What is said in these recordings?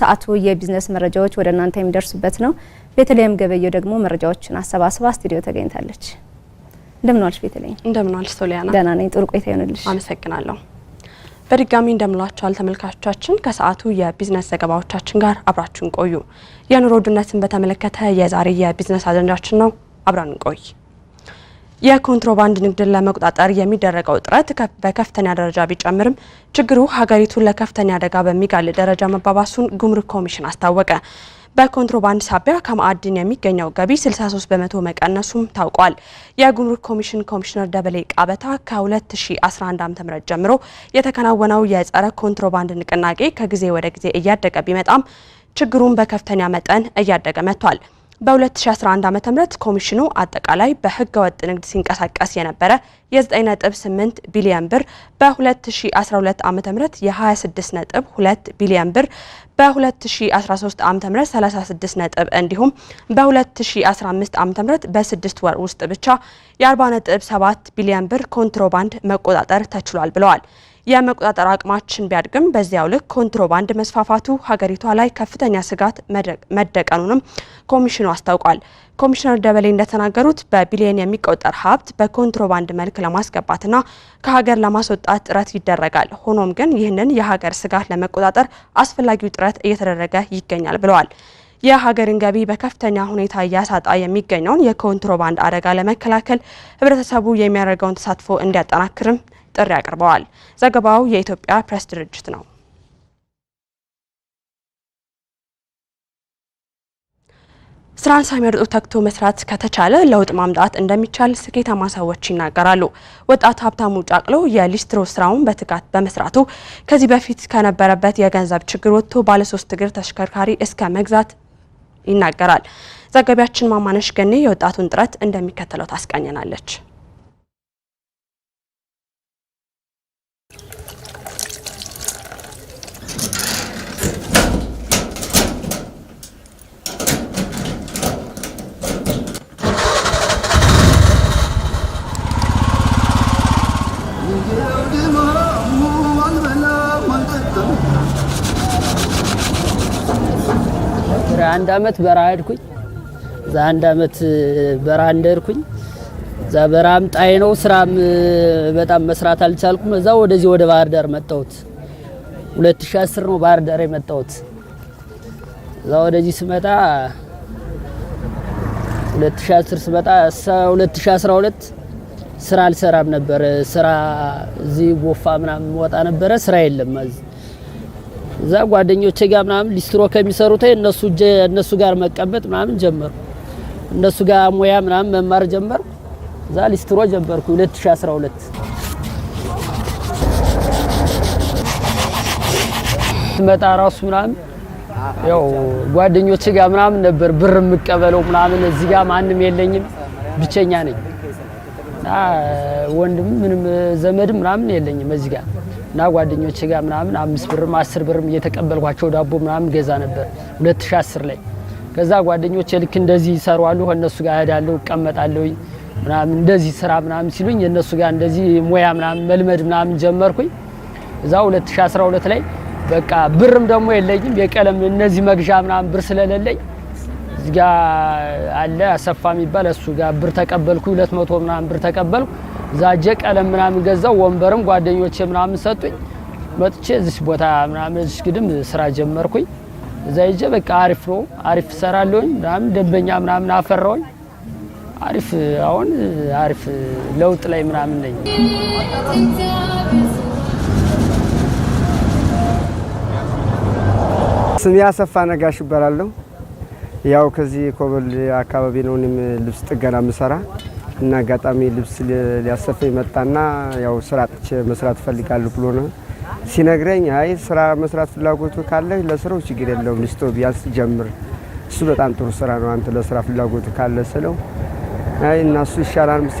ሰዓቱ የቢዝነስ መረጃዎች ወደ እናንተ የሚደርሱበት ነው። ቤተልሔም ገበየው ደግሞ መረጃዎችን አሰባስባ ስቱዲዮ ተገኝታለች። እንደምን ዋልሽ ቤተልሔም? እንደምን ዋልሽ ሶሊያና? ደህና ነኝ። ጥሩ ቆይታ ይሆንልሽ። አመሰግናለሁ። በድጋሚ እንደምላችኋል ተመልካቾቻችን፣ ከሰዓቱ የቢዝነስ ዘገባዎቻችን ጋር አብራችሁን ቆዩ። የኑሮ ውድነትን በተመለከተ የዛሬ የቢዝነስ አጀንዳችን ነው። አብራን ቆይ የኮንትሮባንድ ንግድን ለመቆጣጠር የሚደረገው ጥረት በከፍተኛ ደረጃ ቢጨምርም ችግሩ ሀገሪቱን ለከፍተኛ አደጋ በሚጋልጥ ደረጃ መባባሱን ጉምሩክ ኮሚሽን አስታወቀ። በኮንትሮባንድ ሳቢያ ከማዕድን የሚገኘው ገቢ 63 በመቶ መቀነሱም ታውቋል። የጉምሩክ ኮሚሽን ኮሚሽነር ደበሌ ቃበታ ከ2011 ዓ.ም ጀምሮ የተከናወነው የጸረ ኮንትሮባንድ ንቅናቄ ከጊዜ ወደ ጊዜ እያደገ ቢመጣም ችግሩን በከፍተኛ መጠን እያደገ መጥቷል። በ2011 ዓ ም ኮሚሽኑ አጠቃላይ በህገ ወጥ ንግድ ሲንቀሳቀስ የነበረ የ9.8 ቢሊዮን ብር፣ በ2012 ዓ ም የ26.2 ቢሊዮን ብር፣ በ2013 ዓ ም 36 ነጥብ እንዲሁም በ2015 ዓ ም በስድስት ወር ውስጥ ብቻ የ40.7 ቢሊዮን ብር ኮንትሮባንድ መቆጣጠር ተችሏል ብለዋል። የመቆጣጠር አቅማችን ቢያድግም በዚያው ልክ ኮንትሮባንድ መስፋፋቱ ሀገሪቷ ላይ ከፍተኛ ስጋት መደቀኑንም ኮሚሽኑ አስታውቋል። ኮሚሽነር ደበሌ እንደተናገሩት በቢሊየን የሚቆጠር ሀብት በኮንትሮባንድ መልክ ለማስገባትና ከሀገር ለማስወጣት ጥረት ይደረጋል። ሆኖም ግን ይህንን የሀገር ስጋት ለመቆጣጠር አስፈላጊው ጥረት እየተደረገ ይገኛል ብለዋል። የሀገርን ገቢ በከፍተኛ ሁኔታ እያሳጣ የሚገኘውን የኮንትሮባንድ አደጋ ለመከላከል ህብረተሰቡ የሚያደርገውን ተሳትፎ እንዲያጠናክርም ጥሪ አቅርበዋል። ዘገባው የኢትዮጵያ ፕሬስ ድርጅት ነው። ስራን ሳይመርጡ ተግቶ መስራት ከተቻለ ለውጥ ማምጣት እንደሚቻል ስኬታማ ሰዎች ይናገራሉ። ወጣት ሀብታሙ ጫቅሎ የሊስትሮ ስራውን በትጋት በመስራቱ ከዚህ በፊት ከነበረበት የገንዘብ ችግር ወጥቶ ባለሶስት እግር ተሽከርካሪ እስከ መግዛት ይናገራል። ዘጋቢያችን ማማነሽ ገኔ የወጣቱን ጥረት እንደሚከተለው ታስቃኘናለች። አንድ አመት በረሃ ሄድኩኝ። እዛ አንድ አመት በረሃ እንደሄድኩኝ እዛ በረሃም ጣይ ነው ስራም በጣም መስራት አልቻልኩም። እዛ ወደዚህ ወደ ባህር ዳር መጣሁት። 2010 ነው ባህር ዳር የመጣሁት። እዛ ወደዚህ ስመጣ 2010 ስመጣ 2012 ስራ አልሰራም ነበር። ስራ እዚህ ጎፋ ምናምን ወጣ ነበረ። ስራ የለም እዛ ጓደኞቼ ጋር ምናምን ሊስትሮ ከሚሰሩት እነሱ እነሱ ጋር መቀመጥ ምናምን ጀመር እነሱ ጋር ሙያ ምናምን መማር ጀመር እዛ ሊስትሮ ጀመርኩ 2012 መጣ ራሱ ምናምን ያው ጓደኞቼ ጋር ምናምን ነበር ብር የምቀበለው ምናምን። እዚህ ጋር ማንም የለኝም፣ ብቸኛ ነኝ። ወንድም ምንም ዘመድም ምናምን የለኝም እዚህ ጋር እና ጓደኞች ጋር ምናምን አምስት ብርም አስር ብርም እየተቀበልኳቸው ዳቦ ምናምን ገዛ ነበር 2010 ላይ። ከዛ ጓደኞች ልክ እንደዚህ ይሰሯሉ፣ ከእነሱ ጋር እሄዳለሁ፣ እቀመጣለሁ ምናምን እንደዚህ ስራ ምናምን ሲሉኝ የእነሱ ጋር እንደዚህ ሙያ ምናምን መልመድ ምናምን ጀመርኩኝ። እዛ 2012 ላይ በቃ ብርም ደግሞ የለኝም የቀለም እነዚህ መግዣ ምናምን ብር ስለሌለኝ እዚጋ አለ አሰፋ የሚባል እሱ ጋር ብር ተቀበልኩ፣ 200 ምናምን ብር ተቀበልኩ። ዛጀ ቀለም ምናምን ገዛው ወንበርም ጓደኞቼ ምናምን ሰጡኝ። መጥቼ እዚህ ቦታ ምናምን እዚህ ግድም ስራ ጀመርኩኝ። እዛ ይጀ በቃ አሪፍ ነው አሪፍ ሰራለሁኝ ምናምን ደንበኛ ምናምን አፈራውኝ። አሪፍ አሁን አሪፍ ለውጥ ላይ ምናምን ነኝ። ስሜ አሰፋ ነጋሽ ይባላለሁ። ያው ከዚህ ኮበል አካባቢ ነው ልብስ ጥገና የምሰራ እና አጋጣሚ ልብስ ሊያሰፋኝ መጣና ያው ስራ አጥቼ መስራት ፈልጋለሁ ብሎ ነው ሲነግረኝ፣ አይ ስራ መስራት ፍላጎቱ ካለ ለስራው ችግር የለውም ልስቶ ቢያንስ ጀምር፣ እሱ በጣም ጥሩ ስራ ነው፣ አንተ ለስራ ፍላጎቱ ካለ ስለው፣ አይ እና እሱ ይሻላል ምስ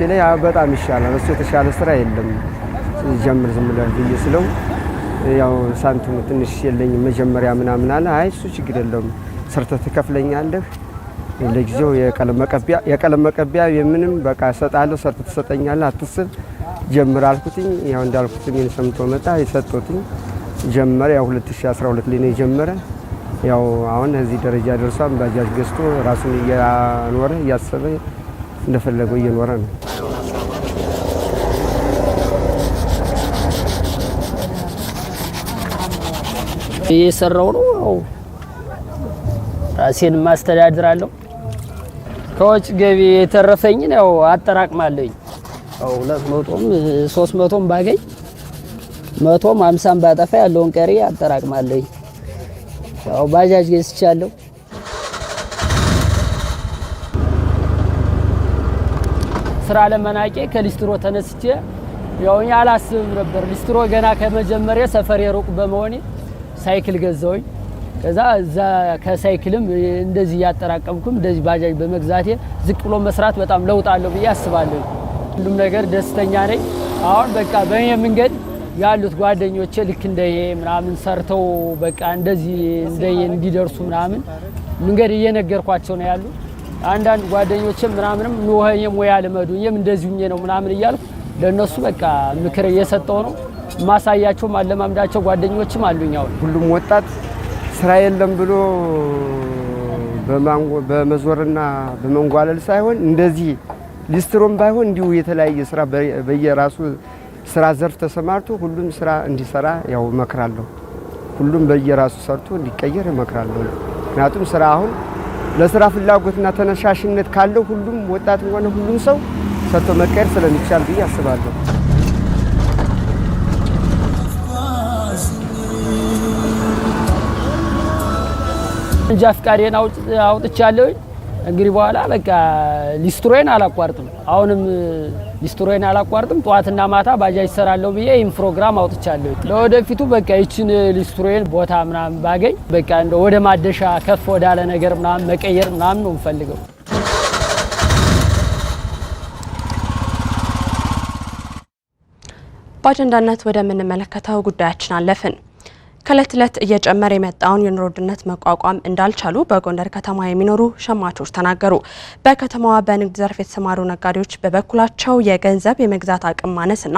በጣም ይሻላል፣ እሱ የተሻለ ስራ የለም ጀምር ዝም ብለህ ብዬ ስለው፣ ያው ሳንቲሙ ትንሽ የለኝም መጀመሪያ ምናምን አለ። አይ እሱ ችግር የለውም ሰርተህ ትከፍለኛለህ ለጊዜው የቀለም መቀቢያ የምንም በቃ እሰጥሃለሁ ሰርፍ ትሰጠኛለህ አትስብ ጀምር አልኩትኝ። ያው እንዳልኩት ምን ሰምቶ መጣ የሰጡትኝ ጀመረ። ያው 2012 ላይ ነው የጀመረ። ያው አሁን እዚህ ደረጃ ደርሷን ባጃጅ ገዝቶ ራሱን እያኖረ እያሰበ እንደፈለገው እየኖረ ነው። እየሰራው ነው። ራሴን ማስተዳድራለሁ ከወጭ ገቢ የተረፈኝን ያው አጠራቅማለኝ ሁለት መቶም ሶስት መቶም ባገኝ መቶም አምሳም ባጠፋ ያለውን ቀሪ አጠራቅማለኝ። ያው ባጃጅ ገዝቻለሁ። ስራ ለመናቄ ከሊስትሮ ተነስቼ ያው እኔ አላስብም ነበር። ሊስትሮ ገና ከመጀመሪያ ሰፈር የሩቅ በመሆኔ ሳይክል ገዛውኝ። ከዛ እዛ ከሳይክልም እንደዚህ እያጠራቀምኩም እንደዚህ ባጃጅ በመግዛቴ ዝቅ ብሎ መስራት በጣም ለውጥ አለው ብዬ አስባለሁ። ሁሉም ነገር ደስተኛ ነኝ። አሁን በቃ በእኔ መንገድ ያሉት ጓደኞቼ ልክ እንደ ምናምን ሰርተው በቃ እንደዚህ እንደ እንዲደርሱ ምናምን መንገድ እየነገርኳቸው ነው ያሉ። አንዳንድ ጓደኞችም ምናምንም ንወኸኝ ሙያ ልመዱ እኔም እንደዚሁ ነው ምናምን እያልኩ ለእነሱ በቃ ምክር እየሰጠው ነው። ማሳያቸውም አለማምዳቸው ጓደኞችም አሉኛው ሁሉም ወጣት ስራ የለም ብሎ በመዞርና በመንጓለል ሳይሆን እንደዚህ ሊስትሮም ባይሆን እንዲሁ የተለያየ ስራ በየራሱ ስራ ዘርፍ ተሰማርቶ ሁሉም ስራ እንዲሰራ ያው እመክራለሁ። ሁሉም በየራሱ ሰርቶ እንዲቀየር እመክራለሁ። ምክንያቱም ስራ አሁን ለስራ ፍላጎትና ተነሳሽነት ካለው ሁሉም ወጣት ሆነ ሁሉም ሰው ሰርቶ መቀየር ስለሚቻል ብዬ አስባለሁ። እንጃ ፍቃዴን አውጥቻለሁ። እንግዲህ በኋላ በቃ ሊስትሮዬን አላቋርጥም። አሁንም ሊስትሮዬን አላቋርጥም። ጠዋትና ማታ ባጃጅ ይሰራለሁ ብዬ ይህን ፕሮግራም አውጥቻለሁ። ለወደፊቱ በቃ ይችን ሊስትሮዬን ቦታ ምናምን ባገኝ በቃ እንደ ወደ ማደሻ ከፍ ወዳለ ነገር ምናምን መቀየር ምናምን ነው የምፈልገው። በአጀንዳነት ወደምንመለከተው ጉዳያችን አለፍን። ከእለት ዕለት እየጨመረ የመጣውን የኑሮ ውድነት መቋቋም እንዳልቻሉ በጎንደር ከተማ የሚኖሩ ሸማቾች ተናገሩ። በከተማዋ በንግድ ዘርፍ የተሰማሩ ነጋዴዎች በበኩላቸው የገንዘብ የመግዛት አቅም ማነስና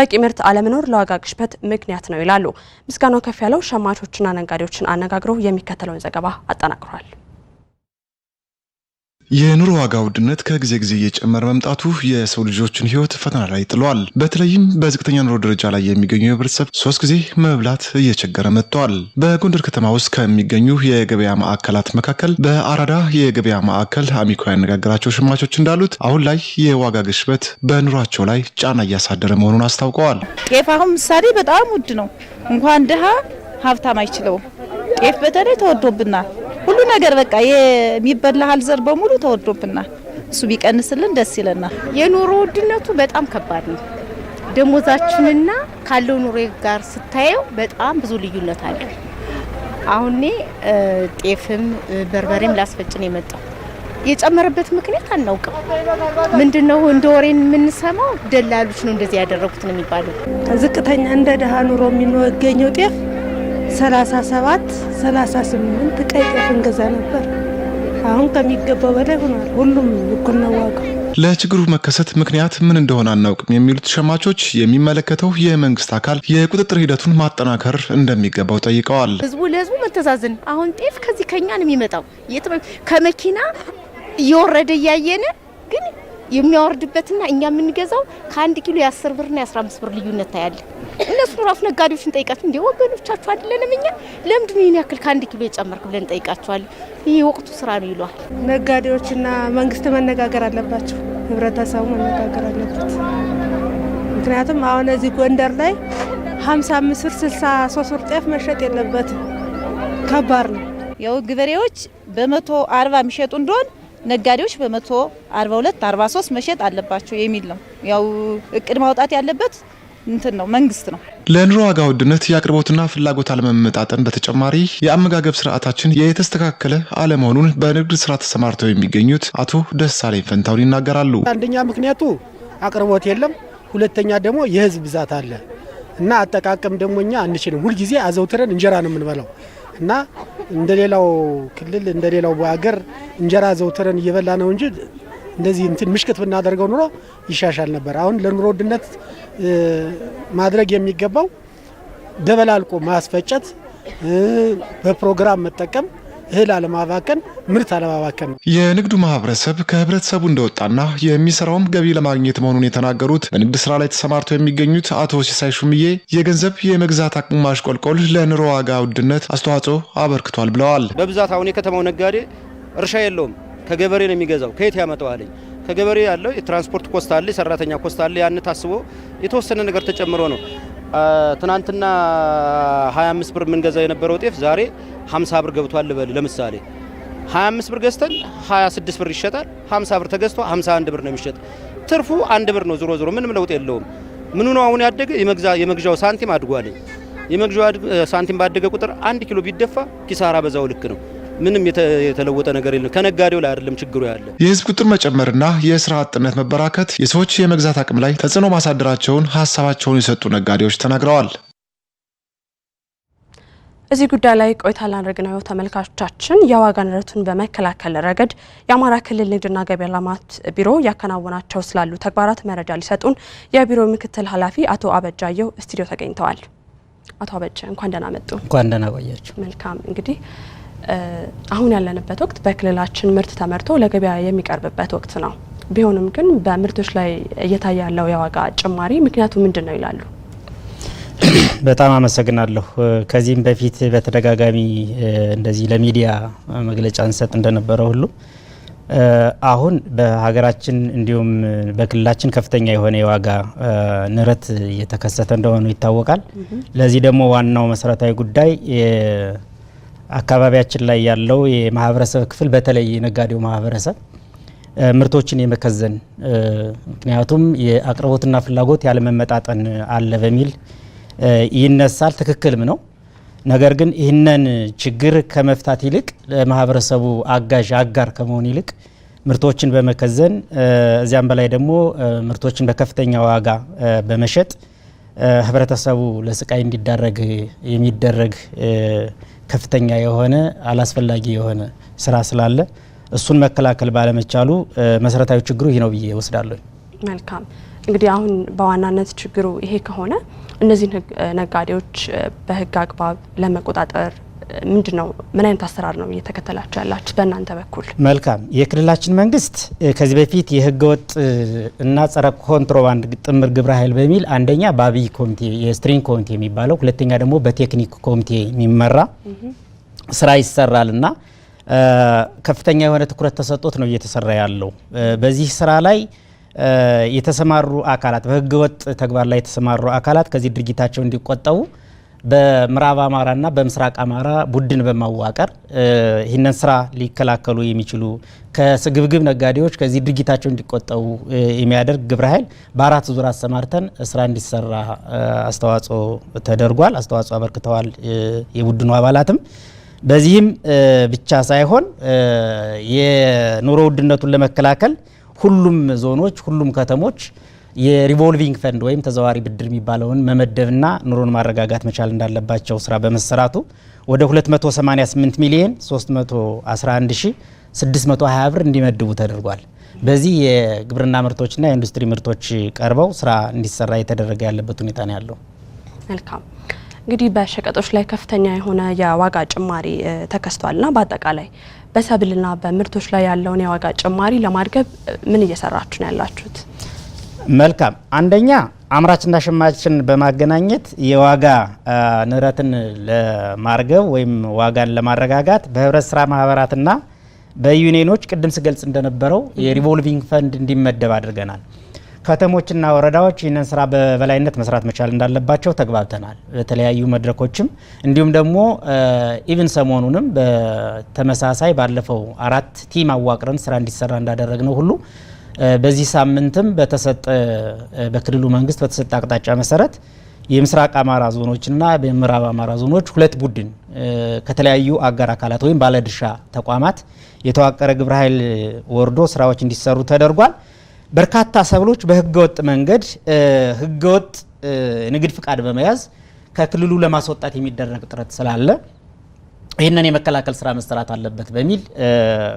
በቂ ምርት አለመኖር ለዋጋ ግሽበት ምክንያት ነው ይላሉ። ምስጋናው ከፍ ያለው ሸማቾችና ነጋዴዎችን አነጋግሮ የሚከተለውን ዘገባ አጠናቅሯል። የኑሮ ዋጋ ውድነት ከጊዜ ጊዜ እየጨመረ መምጣቱ የሰው ልጆችን ህይወት ፈተና ላይ ጥሏል። በተለይም በዝቅተኛ ኑሮ ደረጃ ላይ የሚገኙ ህብረተሰብ ሶስት ጊዜ መብላት እየቸገረ መጥቷል። በጎንደር ከተማ ውስጥ ከሚገኙ የገበያ ማዕከላት መካከል በአራዳ የገበያ ማዕከል አሚኮ ያነጋገራቸው ሸማቾች እንዳሉት አሁን ላይ የዋጋ ግሽበት በኑሯቸው ላይ ጫና እያሳደረ መሆኑን አስታውቀዋል። ጤፍ አሁን ምሳሌ በጣም ውድ ነው። እንኳን ድሃ ሀብታም አይችለውም። ጤፍ በተለይ ተወዶብናል። ሁሉ ነገር በቃ የሚበላ ዘር በሙሉ ተወዶብናል። እሱ ቢቀንስልን ደስ ይለናል። የኑሮ ውድነቱ በጣም ከባድ ነው። ደሞዛችንና ካለው ኑሮ ጋር ስታየው በጣም ብዙ ልዩነት አለ። አሁን ጤፍም በርበሬም ላስፈጭን የመጣው የጨመረበት ምክንያት አናውቅም። ምንድነው እንደ ወሬን የምንሰማው ደላሎች ነው እንደዚህ ያደረጉት ነው የሚባለው። ዝቅተኛ እንደ ድሃ ኑሮ የሚገኘው ጤፍ 37 38 ቀይ ጤፍ እንገዛ ነበር። አሁን ከሚገባው በላይ ሆኗል። ሁሉም እኩል ነው ዋጋው። ለችግሩ መከሰት ምክንያት ምን እንደሆነ አናውቅም የሚሉት ሸማቾች የሚመለከተው የመንግስት አካል የቁጥጥር ሂደቱን ማጠናከር እንደሚገባው ጠይቀዋል። ህዝቡ ለህዝቡ መተዛዘን አሁን ጤፍ ከዚህ ከኛ ነው የሚመጣው ከመኪና እየወረደ እያየን የሚያወርድበትና እኛ የምንገዛው ከአንድ ኪሎ የአስር ብርና የአስራ አምስት ብር ልዩነት ታያለ። እነሱን ራሱ ነጋዴዎች እንጠይቃቸው እንዲ ወገኖቻችሁ አይደለንም እኛ ለምንድን ይህን ያክል ከአንድ ኪሎ የጨመርክ ብለን እንጠይቃቸዋለን። ይህ የወቅቱ ስራ ነው ይሏል። ነጋዴዎችና መንግስት መነጋገር አለባቸው። ህብረተሰቡ መነጋገር አለበት። ምክንያቱም አሁን እዚህ ጎንደር ላይ ሀምሳ አምስት ብር ስልሳ ሶስት ብር ጤፍ መሸጥ የለበትም። ከባድ ነው። ያው በመቶ አርባ የሚሸጡ እንደሆን ነጋዴዎች በመቶ 42 43 መሸጥ አለባቸው የሚል ነው። ያው እቅድ ማውጣት ያለበት እንትን ነው መንግስት ነው። ለኑሮ ዋጋ ውድነት የአቅርቦትና ፍላጎት አለመመጣጠን በተጨማሪ የአመጋገብ ስርዓታችን የተስተካከለ አለመሆኑን በንግድ ስራ ተሰማርተው የሚገኙት አቶ ደሳለኝ ፈንታውን ይናገራሉ። አንደኛ ምክንያቱ አቅርቦት የለም፣ ሁለተኛ ደግሞ የህዝብ ብዛት አለ እና አጠቃቀም ደግሞ እኛ አንችልም። ሁልጊዜ አዘውትረን እንጀራ ነው የምንበላው እና እንደሌላው ክልል እንደሌላው ሀገር እንጀራ ዘውትረን እየበላ ነው እንጂ እንደዚህ እንትን ምሽክት ብናደርገው ኑሮ ይሻሻል ነበር። አሁን ለኑሮ ውድነት ማድረግ የሚገባው ደበላልቆ ማስፈጨት፣ በፕሮግራም መጠቀም እህል አለማባከን፣ ምርት አለማባከን ነው። የንግዱ ማህበረሰብ ከህብረተሰቡ እንደወጣና የሚሰራውም ገቢ ለማግኘት መሆኑን የተናገሩት በንግድ ስራ ላይ ተሰማርተው የሚገኙት አቶ ሲሳይ ሹምዬ የገንዘብ የመግዛት አቅም ማሽቆልቆል ለኑሮ ዋጋ ውድነት አስተዋጽኦ አበርክቷል ብለዋል። በብዛት አሁን የከተማው ነጋዴ እርሻ የለውም፣ ከገበሬ ነው የሚገዛው። ከየት ያመጣዋለኝ? ከገበሬ ያለው የትራንስፖርት ኮስት አለ፣ የሰራተኛ ኮስት አለ። ያን ታስቦ የተወሰነ ነገር ተጨምሮ ነው ትናንትና 25 ብር የምንገዛ የነበረው ጤፍ ዛሬ 50 ብር ገብቷል ልበል። ለምሳሌ 25 ብር ገዝተን 26 ብር ይሸጣል። 50 ብር ተገዝቶ 51 ብር ነው የሚሸጥ። ትርፉ አንድ ብር ነው። ዞሮ ዞሮ ምንም ለውጥ የለውም። ምኑ ነው አሁን ያደገ? የመግዣው ሳንቲም አድጓል። የመግዣው ሳንቲም ባደገ ቁጥር አንድ ኪሎ ቢደፋ ኪሳራ በዛው ልክ ነው። ምንም የተለወጠ ነገር የለም። ከነጋዴው ላይ አይደለም ችግሩ ያለ። የህዝብ ቁጥር መጨመርና የስራ አጥነት መበራከት የሰዎች የመግዛት አቅም ላይ ተጽዕኖ ማሳደራቸውን ሀሳባቸውን የሰጡ ነጋዴዎች ተናግረዋል። እዚህ ጉዳይ ላይ ቆይታ ላደርግ ነው ተመልካቾቻችን። የዋጋ ንረቱን በመከላከል ረገድ የአማራ ክልል ንግድና ገበያ ልማት ቢሮ ያከናወናቸው ስላሉ ተግባራት መረጃ ሊሰጡን የቢሮ ምክትል ኃላፊ አቶ አበጃየው ስቱዲዮ ተገኝተዋል። አቶ አበጀ እንኳን ደህና መጡ። እንኳን ደህና ቆያችሁ። መልካም እንግዲህ አሁን ያለንበት ወቅት በክልላችን ምርት ተመርቶ ለገበያ የሚቀርብበት ወቅት ነው። ቢሆንም ግን በምርቶች ላይ እየታየ ያለው የዋጋ ጭማሪ ምክንያቱ ምንድን ነው ይላሉ? በጣም አመሰግናለሁ። ከዚህም በፊት በተደጋጋሚ እንደዚህ ለሚዲያ መግለጫ እንሰጥ እንደነበረ ሁሉ አሁን በሀገራችን እንዲሁም በክልላችን ከፍተኛ የሆነ የዋጋ ንረት እየተከሰተ እንደሆኑ ይታወቃል። ለዚህ ደግሞ ዋናው መሰረታዊ ጉዳይ አካባቢያችን ላይ ያለው የማህበረሰብ ክፍል በተለይ የነጋዴው ማህበረሰብ ምርቶችን የመከዘን ምክንያቱም የአቅርቦትና ፍላጎት ያለመመጣጠን አለ በሚል ይነሳል። ትክክልም ነው። ነገር ግን ይህንን ችግር ከመፍታት ይልቅ ለማህበረሰቡ አጋዥ አጋር ከመሆን ይልቅ ምርቶችን በመከዘን እዚያም በላይ ደግሞ ምርቶችን በከፍተኛ ዋጋ በመሸጥ ህብረተሰቡ ለስቃይ እንዲዳረግ የሚደረግ ከፍተኛ የሆነ አላስፈላጊ የሆነ ስራ ስላለ እሱን መከላከል ባለመቻሉ መሰረታዊ ችግሩ ይህ ነው ብዬ ወስዳለሁ። መልካም እንግዲህ አሁን በዋናነት ችግሩ ይሄ ከሆነ እነዚህን ነጋዴዎች በህግ አግባብ ለመቆጣጠር ምንድን ነው ምን አይነት አሰራር ነው እየተከተላችሁ ያላችሁ በእናንተ በኩል? መልካም የክልላችን መንግስት ከዚህ በፊት የህገወጥ እና ጸረ ኮንትሮባንድ ጥምር ግብረ ኃይል በሚል አንደኛ በአብይ ኮሚቴ የስትሪንግ ኮሚቴ የሚባለው ሁለተኛ ደግሞ በቴክኒክ ኮሚቴ የሚመራ ስራ ይሰራልና ከፍተኛ የሆነ ትኩረት ተሰጥቶት ነው እየተሰራ ያለው። በዚህ ስራ ላይ የተሰማሩ አካላት በህገወጥ ተግባር ላይ የተሰማሩ አካላት ከዚህ ድርጊታቸው እንዲቆጠቡ በምዕራብ አማራና በምስራቅ አማራ ቡድን በማዋቀር ይህንን ስራ ሊከላከሉ የሚችሉ ከስግብግብ ነጋዴዎች ከዚህ ድርጊታቸው እንዲቆጠቡ የሚያደርግ ግብረ ኃይል በአራት ዙር አሰማርተን ስራ እንዲሰራ አስተዋጽኦ ተደርጓል። አስተዋጽኦ አበርክተዋል የቡድኑ አባላትም። በዚህም ብቻ ሳይሆን የኑሮ ውድነቱን ለመከላከል ሁሉም ዞኖች፣ ሁሉም ከተሞች የሪቮልቪንግ ፈንድ ወይም ተዘዋዋሪ ብድር የሚባለውን መመደብና ኑሮን ማረጋጋት መቻል እንዳለባቸው ስራ በመሰራቱ ወደ 288 ሚሊዮን 311620 ብር እንዲመድቡ ተደርጓል። በዚህ የግብርና ምርቶችና የኢንዱስትሪ ምርቶች ቀርበው ስራ እንዲሰራ የተደረገ ያለበት ሁኔታ ነው ያለው። መልካም እንግዲህ በሸቀጦች ላይ ከፍተኛ የሆነ የዋጋ ጭማሪ ተከስቷልና በአጠቃላይ በሰብልና በምርቶች ላይ ያለውን የዋጋ ጭማሪ ለማድገብ ምን እየሰራችሁ ነው ያላችሁት? መልካም አንደኛ አምራችና ሸማችን በማገናኘት የዋጋ ንረትን ለማርገብ ወይም ዋጋን ለማረጋጋት በህብረት ስራ ማህበራትና በዩኒየኖች ቅድም ስገልጽ እንደነበረው የሪቮልቪንግ ፈንድ እንዲመደብ አድርገናል። ከተሞችና ወረዳዎች ይህንን ስራ በበላይነት መስራት መቻል እንዳለባቸው ተግባብተናል። በተለያዩ መድረኮችም እንዲሁም ደግሞ ኢቭን ሰሞኑንም በተመሳሳይ ባለፈው አራት ቲም አዋቅረን ስራ እንዲሰራ እንዳደረግ ነው ሁሉ በዚህ ሳምንትም በተሰጠ በክልሉ መንግስት በተሰጠ አቅጣጫ መሰረት የምስራቅ አማራ ዞኖችና የምዕራብ አማራ ዞኖች ሁለት ቡድን ከተለያዩ አጋር አካላት ወይም ባለድርሻ ተቋማት የተዋቀረ ግብረ ኃይል ወርዶ ስራዎች እንዲሰሩ ተደርጓል። በርካታ ሰብሎች በህገወጥ መንገድ ህገወጥ ንግድ ፍቃድ በመያዝ ከክልሉ ለማስወጣት የሚደረግ ጥረት ስላለ ይህንን የመከላከል ስራ መሰራት አለበት በሚል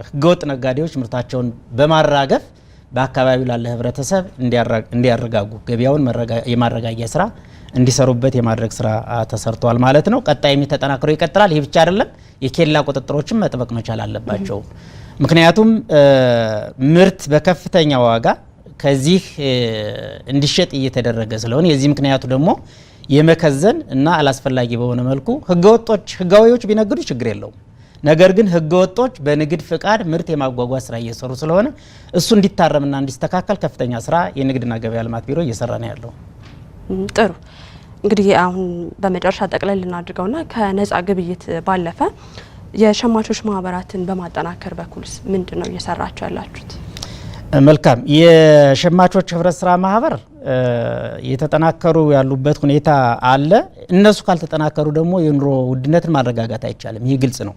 ህገወጥ ነጋዴዎች ምርታቸውን በማራገፍ በአካባቢው ላለ ህብረተሰብ እንዲያረጋጉ ገበያውን የማረጋጊያ ስራ እንዲሰሩበት የማድረግ ስራ ተሰርተዋል ማለት ነው። ቀጣይም ተጠናክሮ ይቀጥላል። ይህ ብቻ አይደለም፣ የኬላ ቁጥጥሮችን መጥበቅ መቻል አለባቸው። ምክንያቱም ምርት በከፍተኛ ዋጋ ከዚህ እንዲሸጥ እየተደረገ ስለሆነ የዚህ ምክንያቱ ደግሞ የመከዘን እና አላስፈላጊ በሆነ መልኩ ህገወጦች ህጋዊዎች ቢነግዱ ችግር የለውም። ነገር ግን ህገወጦች በንግድ ፍቃድ ምርት የማጓጓዝ ስራ እየሰሩ ስለሆነ እሱ እንዲታረምና እንዲስተካከል ከፍተኛ ስራ የንግድና ገበያ ልማት ቢሮ እየሰራ ነው ያለው። ጥሩ እንግዲህ አሁን በመጨረሻ ጠቅላይ ልናድርገውና ከነጻ ግብይት ባለፈ የሸማቾች ማህበራትን በማጠናከር በኩልስ ምንድን ነው እየሰራችሁ ያላችሁት? መልካም። የሸማቾች ህብረት ስራ ማህበር የተጠናከሩ ያሉበት ሁኔታ አለ። እነሱ ካልተጠናከሩ ደግሞ የኑሮ ውድነትን ማረጋጋት አይቻልም። ይህ ግልጽ ነው።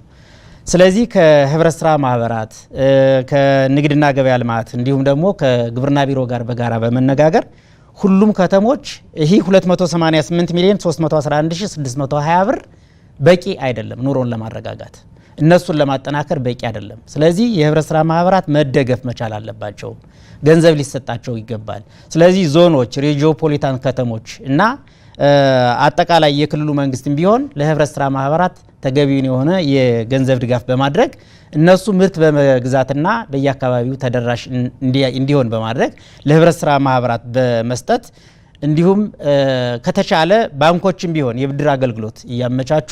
ስለዚህ ከህብረት ስራ ማህበራት ከንግድና ገበያ ልማት እንዲሁም ደግሞ ከግብርና ቢሮ ጋር በጋራ በመነጋገር ሁሉም ከተሞች ይህ 288 ሚሊዮን 311620 ብር በቂ አይደለም፣ ኑሮን ለማረጋጋት እነሱን ለማጠናከር በቂ አይደለም። ስለዚህ የህብረት ስራ ማህበራት መደገፍ መቻል አለባቸው፣ ገንዘብ ሊሰጣቸው ይገባል። ስለዚህ ዞኖች፣ ሬጂዮፖሊታን ከተሞች እና አጠቃላይ የክልሉ መንግስትም ቢሆን ለህብረት ስራ ማህበራት ተገቢውን የሆነ የገንዘብ ድጋፍ በማድረግ እነሱ ምርት በመግዛትና በየአካባቢው ተደራሽ እንዲሆን በማድረግ ለህብረት ስራ ማህበራት በመስጠት እንዲሁም ከተቻለ ባንኮችም ቢሆን የብድር አገልግሎት እያመቻቹ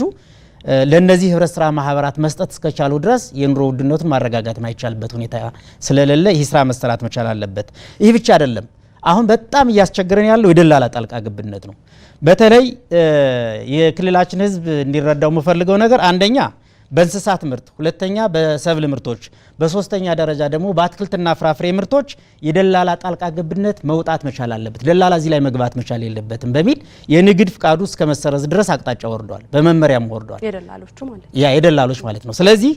ለእነዚህ ህብረት ስራ ማህበራት መስጠት እስከቻሉ ድረስ የኑሮ ውድነቱን ማረጋጋት ማይቻልበት ሁኔታ ስለሌለ ይህ ስራ መሰራት መቻል አለበት። ይህ ብቻ አይደለም። አሁን በጣም እያስቸግረን ያለው የደላላ ጣልቃ ግብነት ነው። በተለይ የክልላችን ህዝብ እንዲረዳው የምፈልገው ነገር አንደኛ በእንስሳት ምርት፣ ሁለተኛ በሰብል ምርቶች፣ በሶስተኛ ደረጃ ደግሞ በአትክልትና ፍራፍሬ ምርቶች የደላላ ጣልቃ ገብነት መውጣት መቻል አለበት፣ ደላላ እዚህ ላይ መግባት መቻል የለበትም በሚል የንግድ ፍቃዱ እስከ መሰረዝ ድረስ አቅጣጫ ወርዷል፣ በመመሪያም ወርዷል። የደላሎች ማለት ነው። ስለዚህ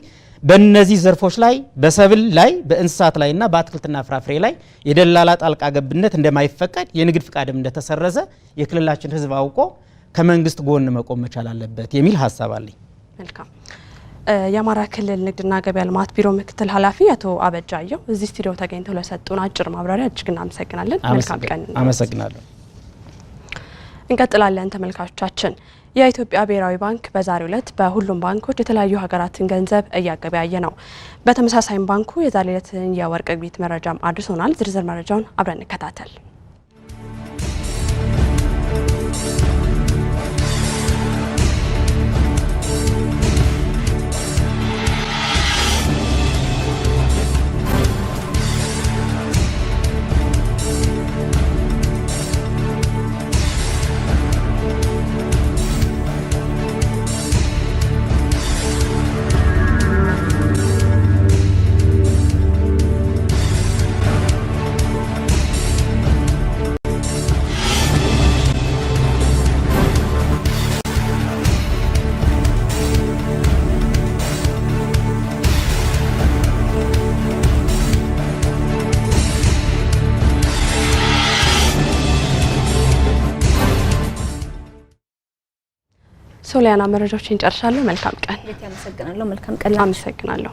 በእነዚህ ዘርፎች ላይ በሰብል ላይ በእንስሳት ላይ እና በአትክልትና ፍራፍሬ ላይ የደላላ ጣልቃ ገብነት እንደማይፈቀድ የንግድ ፍቃድም እንደተሰረዘ የክልላችን ሕዝብ አውቆ ከመንግስት ጎን መቆም መቻል አለበት የሚል ሀሳብ አለኝ። መልካም። የአማራ ክልል ንግድና ገበያ ልማት ቢሮ ምክትል ኃላፊ አቶ አበጃየሁ እዚህ ስቱዲዮ ተገኝተው ለሰጡን አጭር ማብራሪያ እጅግ እናመሰግናለን። መልካም ቀን። አመሰግናለሁ። እንቀጥላለን ተመልካቾቻችን። የኢትዮጵያ ብሔራዊ ባንክ በዛሬው ዕለት በሁሉም ባንኮች የተለያዩ ሀገራትን ገንዘብ እያገበያየ ነው። በተመሳሳይም ባንኩ የዛሬ ዕለትን የወርቅ ግብይት መረጃም አድርሶናል። ዝርዝር መረጃውን አብረን እንከታተል። ሶሊያና መረጃዎችን እንጨርሻለሁ። መልካም ቀን። አመሰግናለሁ። መልካም ቀን። አመሰግናለሁ።